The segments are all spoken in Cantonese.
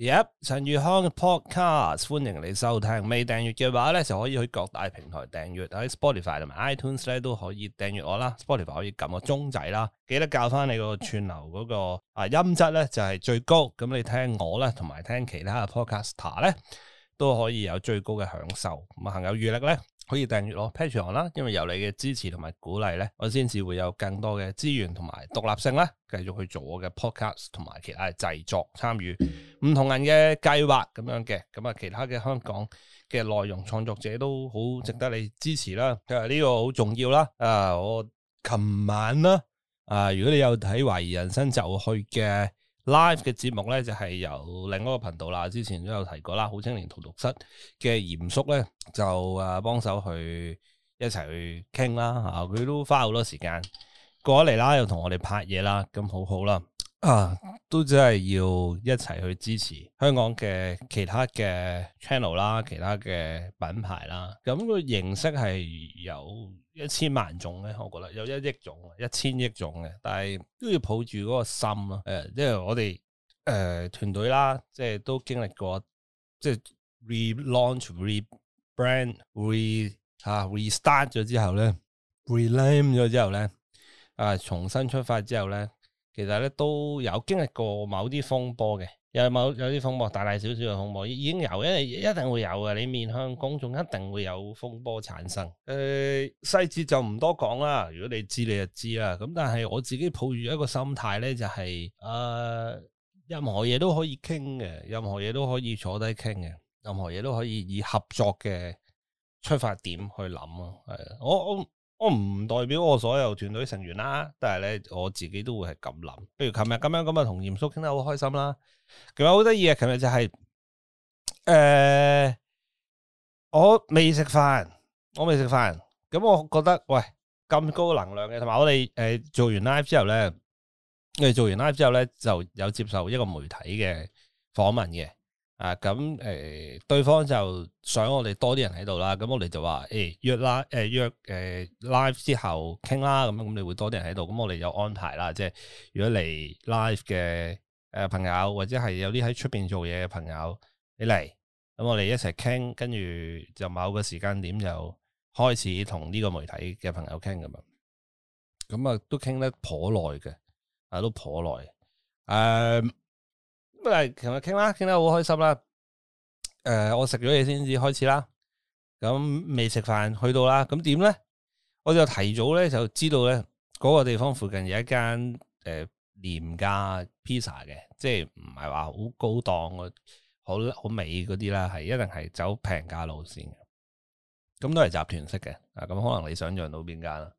yep 陳裕康嘅 podcast，歡迎你收聽。未訂閱嘅話咧，就可以去各大平台訂閱，喺 Spotify 同埋 iTunes 咧都可以訂閱我啦。Spotify 可以撳個鐘仔啦，記得教翻你個串流嗰、嗰個啊音質咧就係最高。咁你聽我啦同埋聽其他嘅 podcaster 咧，都可以有最高嘅享受。咁行有餘力咧，可以訂閱我 Patreon 啦，因為有你嘅支持同埋鼓勵咧，我先至會有更多嘅資源同埋獨立性咧，繼續去做我嘅 podcast 同埋其他嘅製作參與。唔同人嘅計劃咁樣嘅，咁啊其他嘅香港嘅內容創作者都好值得你支持啦，就係呢個好重要啦。啊，我琴晚啦，啊如果你有睇《懷疑人生》就去嘅 live 嘅節目咧，就係由另一個頻道啦，之前都有提過啦，《好青年荼毒室》嘅嚴叔咧就幫手去一齊去傾啦，佢、啊、都花好多時間過嚟啦，又同我哋拍嘢啦，咁好好啦。啊，都真係要一齊去支持香港嘅其他嘅 channel 啦，其他嘅品牌啦。咁、那個形式係有一千萬種咧，我覺得有一億種，一千億種嘅。但係都要抱住嗰個心咯、啊。誒、呃、係、就是、我哋誒、呃、團隊啦，即、就、係、是、都經歷過即係 re-launch、就是、re-brand re re,、啊、re restart 咗之後咧，reclaim 咗之後咧，啊、呃，重新出發之後咧。其實咧都有經歷過某啲風波嘅，又某有啲風波，大大小小嘅風波已經有，因為一定會有嘅。你面向公眾，一定會有風波產生。誒、呃，細節就唔多講啦。如果你知，你就知啦。咁但係我自己抱住一個心態咧，就係、是、誒、呃，任何嘢都可以傾嘅，任何嘢都可以坐低傾嘅，任何嘢都可以以合作嘅出發點去諗咯。係啊，我我。我唔代表我所有團隊成員啦，但係咧我自己都會係咁諗。譬如琴日咁樣咁啊，同嚴叔傾得好開心啦。其實好得意啊，琴日就係、是、誒、呃，我未食飯，我未食飯。咁我覺得喂咁高能量嘅，同埋我哋誒、呃、做完 live 之後咧，我哋做完 live 之後咧就有接受一個媒體嘅訪問嘅。啊，咁誒、呃，對方就想我哋多啲人喺度啦，咁我哋就話誒、哎、約 l 誒、呃、約誒、呃、live 之後傾啦，咁咁你會多啲人喺度，咁我哋有安排啦，即係如果嚟 live 嘅誒、呃、朋友，或者係有啲喺出邊做嘢嘅朋友你嚟，咁我哋一齊傾，跟住就某個時間點就開始同呢個媒體嘅朋友傾噶嘛，咁啊都傾得頗耐嘅，啊都頗耐，誒、啊。唔係琴日傾啦，傾得好開心啦。誒、呃，我食咗嘢先至開始啦。咁未食飯去到啦，咁點咧？我就提早咧就知道咧，嗰個地方附近有一間誒、呃、廉價 pizza 嘅，即係唔係話好高檔，好好美嗰啲啦，係一定係走平價路線嘅。咁都係集團式嘅，咁可能你想象到邊間啦。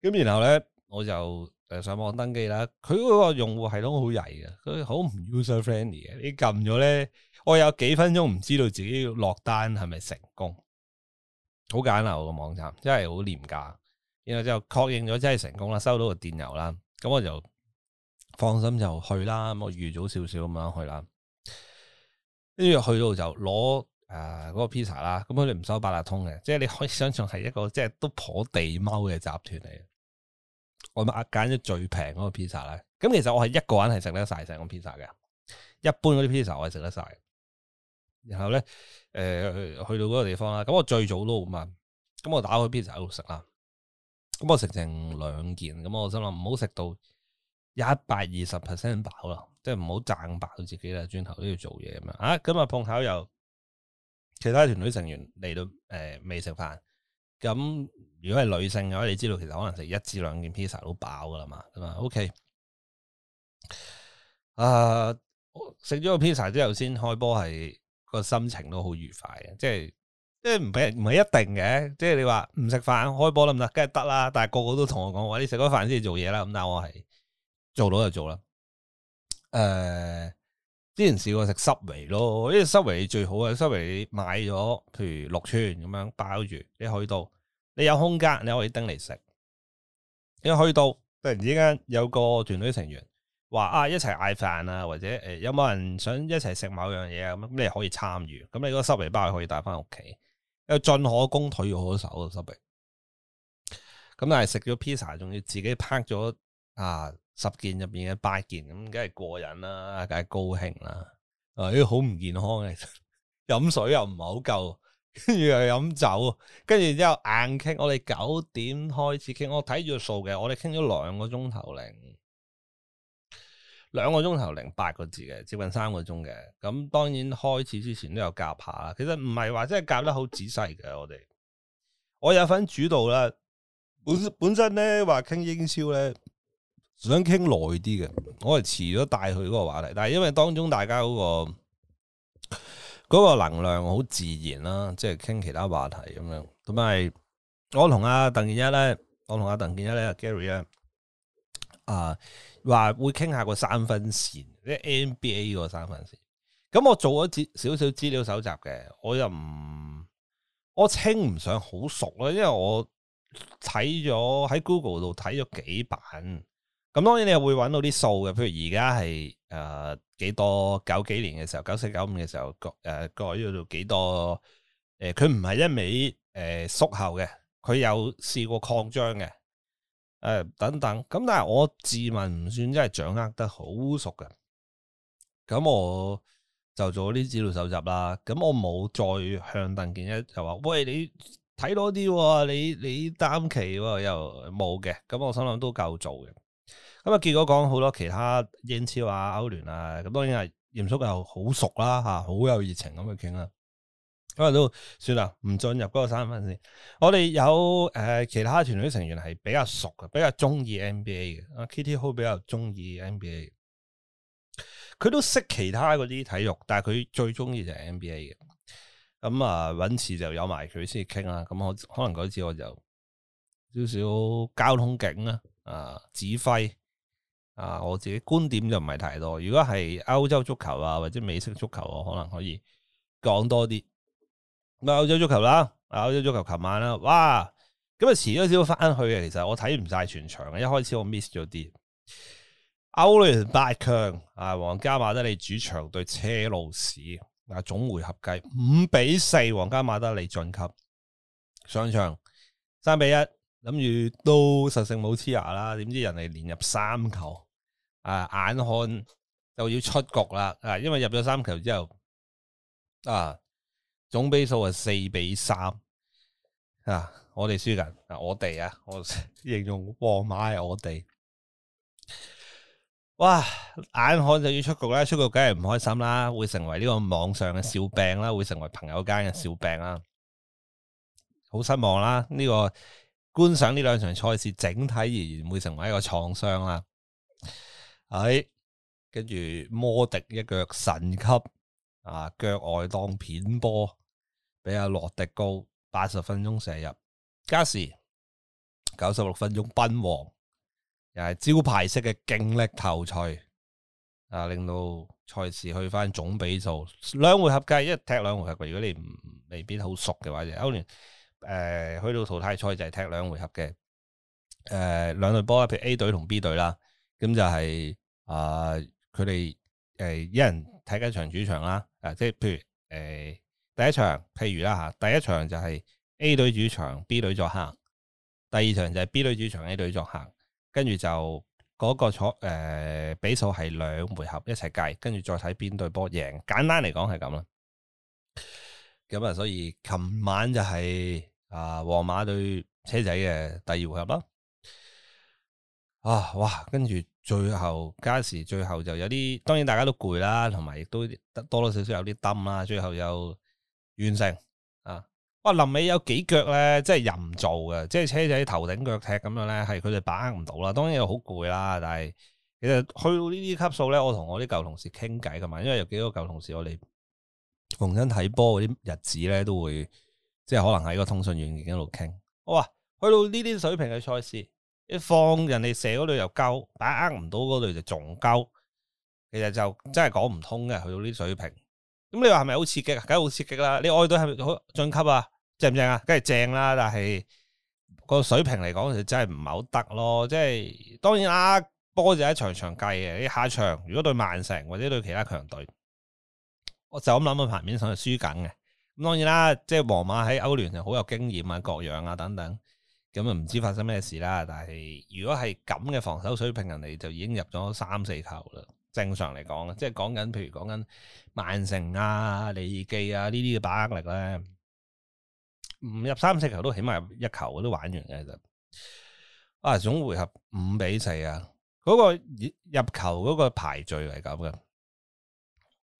咁然後咧，我就。上網登記啦，佢嗰個用戶系統好曳嘅，佢好唔 user friendly 嘅。你撳咗咧，我有幾分鐘唔知道自己落單係咪成功，好簡陋個網站，真係好廉價。然後就確認咗真係成功啦，收到個電郵啦，咁我就放心就去啦。咁我預早少少咁樣去啦，跟住去到就攞誒嗰個披薩啦。咁佢哋唔收八達通嘅，即係你可以想象係一個即係都頗地踎嘅集團嚟。我咪揀咗最平嗰個 pizza 咧，咁其實我係一個人係食得曬成個 pizza 嘅。一般嗰啲 pizza 我係食得曬。然後咧，誒、呃、去到嗰個地方啦，咁我最早都好嘛，咁我打開 pizza 喺度食啦。咁我食成兩件，咁我心諗唔好食到一百二十 percent 飽啦，即係唔好讚飽自己啦，轉頭都要做嘢咁樣。啊，今日碰巧又其他團隊成員嚟到，誒、呃、未食飯。咁如果係女性嘅話，你知道其實可能食一至兩件 pizza 都飽噶啦嘛，係嘛，OK，啊食咗個 pizza 之後先開波，係個心情都好愉快嘅，即係即係唔俾唔係一定嘅，即係你話唔食飯開波得唔得？梗係得啦，但係個個都同我講話，你食咗飯先至做嘢啦，咁但係我係做到就做啦。誒、呃，之前試過食濕微咯，因為濕微最好啊，濕微你買咗，譬如六寸咁樣包住，你去到。你有空間，你可以叮嚟食。你去到突然之間有個團隊成員話啊，一齊嗌飯啊，或者誒、呃、有冇人想一齊食某樣嘢啊？咁你可以參與。咁你嗰個濕皮包係可以帶翻屋企，因為進可攻退可守啊！濕皮。咁但係食咗披薩，仲要自己拍咗啊十件入面嘅八件，咁梗係過癮啦、啊，梗係高興啦、啊。好、哎、唔健康嘅、啊，飲 水又唔係好夠。跟住又飲酒，跟住之後硬傾。我哋九點開始傾，我睇住個數嘅。我哋傾咗兩個鐘頭零，兩個鐘頭零八個字嘅，接近三個鐘嘅。咁當然開始之前都有夾下啦。其實唔係話真係夾得好仔細嘅，我哋我有份主導啦。本本身咧話傾英超咧，想傾耐啲嘅，我係遲咗帶佢嗰個話題。但係因為當中大家嗰個嗰、那個能量好自然啦，即係傾其他話題咁樣。同埋我同阿鄧建一咧，我同阿鄧建一咧 Gary 咧、啊，啊話會傾下個三分線，即係 NBA 個個三分線。咁我做咗少少資料搜集嘅，我又唔我稱唔上好熟啦，因為我睇咗喺 Google 度睇咗幾版。咁當然你又會揾到啲數嘅，譬如而家係誒幾多九幾年嘅時候，九四九五嘅時候，個、呃、改個叫做幾多誒？佢唔係一味誒、呃、縮後嘅，佢有試過擴張嘅、呃、等等。咁但係我自問唔算真係掌握得好熟嘅。咁我就做啲資料搜集啦。咁我冇再向鄧建一就話：喂，你睇多啲、哦，你你擔期、哦、又冇嘅。咁我心諗都夠做嘅。咁啊，結果講好多其他英超啊、歐聯啊，咁當然係嚴叔又好熟啦，吓好有熱情咁去傾啦。咁啊都算啦，唔進入嗰個三分先。我哋有誒其他團隊成員係比較熟嘅，比較中意 NBA 嘅。Kitty Ho 比較中意 NBA，佢都識其他嗰啲體育，但係佢最中意就係 NBA 嘅。咁、嗯、啊，穩士就有埋佢先傾啦。咁可可能嗰次我就少少交通警啦，啊指揮。啊，我自己觀點就唔係太多。如果係歐洲足球啊，或者美式足球，啊，可能可以講多啲。歐洲足球啦，歐洲足球，琴晚啦，哇！咁啊遲咗少少翻去啊。其實我睇唔晒全場嘅，一開始我 miss 咗啲。歐聯八強啊，皇家馬德里主場對車路士啊，總回合計五比四，皇家馬德里晉級。上場三比一，諗住都實勝冇黐牙啦，點知人哋連入三球。啊！眼看就要出局啦，啊！因為入咗三球之後，啊，總比數係四比三，啊，我哋輸緊，啊，我哋啊，我 形容皇馬係我哋，哇！眼看就要出局啦，出局梗係唔開心啦，會成為呢個網上嘅笑柄啦，會成為朋友間嘅笑柄啦，好失望啦！呢個觀賞呢兩場賽事整體而言會成為一個創傷啦。喺跟住摩迪一腳神級啊，腳外當片波，畀阿洛迪高八十分鐘射入。加時九十六分鐘奔王，又係招牌式嘅勁力頭鎚啊，令到賽事去返總比數兩回合計，一踢兩回合。如果你唔未必好熟嘅話，就歐聯誒去到淘汰賽就係踢兩回合嘅。誒、呃，兩隊波，譬如 A 隊同 B 隊啦，咁就係、是。啊、呃！佢哋誒一人睇緊場主場啦，啊、呃，即係譬如誒、呃、第一場，譬如啦吓，第一場就係 A 隊主場，B 隊作客；第二場就係 B 隊主場，A 隊作客。跟住就嗰、那個坐誒、呃、比數係兩回合一齊計，跟住再睇邊隊波贏。簡單嚟講係咁啦。咁啊，所以琴晚就係啊皇馬對車仔嘅第二回合咯。啊哇，跟住。最後加時，最後就有啲當然大家都攰啦，同埋亦都多多少少有啲掹啦。最後又完成啊！哇，臨尾有幾腳咧，即係人唔做嘅，即係車仔頭頂腳踢咁樣咧，係佢哋把握唔到啦。當然又好攰啦，但係其實去到數呢啲級數咧，我同我啲舊同事傾偈㗎嘛，因為有幾個舊同事我哋逢親睇波嗰啲日子咧，都會即係可能喺個通訊軟件度路傾。哇、啊，去到呢啲水平嘅賽事。一放人哋射嗰度又救，但呃唔到嗰度就仲救，其實就真係講唔通嘅，去到啲水平。咁你話係咪好刺激啊？梗係好刺激啦！你愛隊係咪好晉級啊？正唔正啊？梗係正啦，但係個水平嚟講就真係唔係好得咯。即係當然啦，波就一場一場計嘅。你下場如果對曼城或者對其他強隊，我就咁諗，個排面上係輸緊嘅。咁當然啦，即係皇馬喺歐聯就好有經驗啊，各樣啊等等。咁啊，唔知發生咩事啦！但係如果係咁嘅防守水平，人哋就已經入咗三四球啦。正常嚟講即係講緊，譬如講緊曼城啊、利記啊呢啲嘅把握力咧，唔入三四球都起碼入一球都玩完嘅就。啊，總回合五比四啊，嗰、那個入球嗰個排序係咁嘅。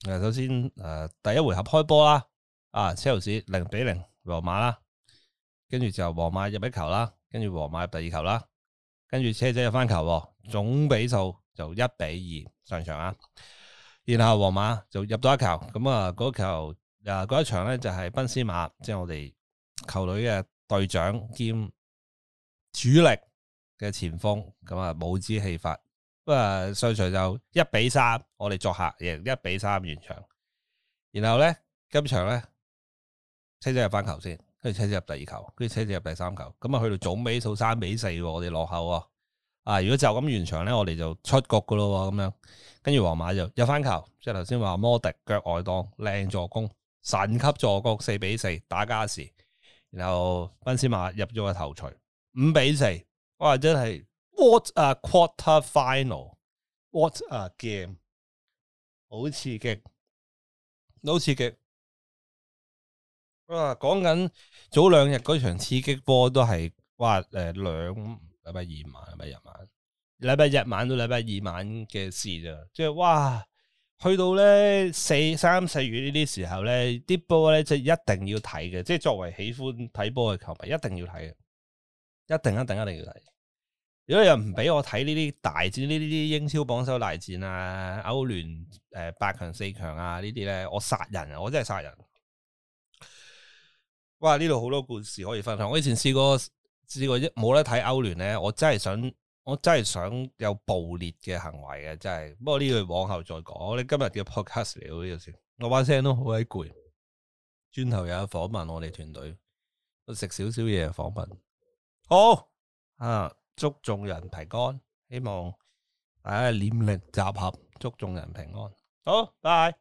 誒、啊，首先誒、啊，第一回合開波啦，啊，車路士零比零羅馬啦。跟住就皇馬入一球啦，跟住皇馬入第二球啦，跟住車仔入翻球，總比數就一比二上場啊。然後皇馬就入咗一球，咁啊嗰球啊嗰一場咧就係賓斯馬，即係我哋球隊嘅隊長兼主力嘅前鋒，咁啊帽子戲法。咁啊上場就一比三，我哋作客贏一比三完場。然後咧今場咧車仔入翻球先。跟住車仔入第二球，跟住車仔入第三球，咁啊去到總比數三比四，我哋落後啊！啊，如果就咁完場咧，我哋就出局噶咯咁樣。跟住皇馬就入返球，即係頭先話摩迪腳外檔靚助攻，神級助攻四比四打加時，然後賓斯馬入咗個頭槌五比四，哇！真係 what a quarter final，what a game，好刺激，好刺激。哇！講緊早兩日嗰場刺激波都係哇誒、呃，兩禮拜二晚、禮拜日晚、禮拜日晚到禮拜二晚嘅事咋？即係哇，去到咧四、三、四月呢啲時候咧，啲波咧即係一定要睇嘅，即係作為喜歡睇波嘅球迷一定要睇嘅，一定、一定、一定要睇。如果有人唔俾我睇呢啲大戰、呢啲英超榜首大戰啊、歐聯誒、呃、八強、四強啊呢啲咧，我殺人啊，我真係殺人。哇！呢度好多故事可以分享。我以前試過試過一冇得睇歐聯咧，我真係想我真係想有暴烈嘅行為嘅，真係。不過呢句往後再講。我哋今日嘅 podcast 聊呢個先。我把聲都好鬼攰。轉頭又有訪問我哋團隊，食少少嘢訪問。好、oh，啊，祝眾人提幹。希望大家念力集合，祝眾人平安。好，拜。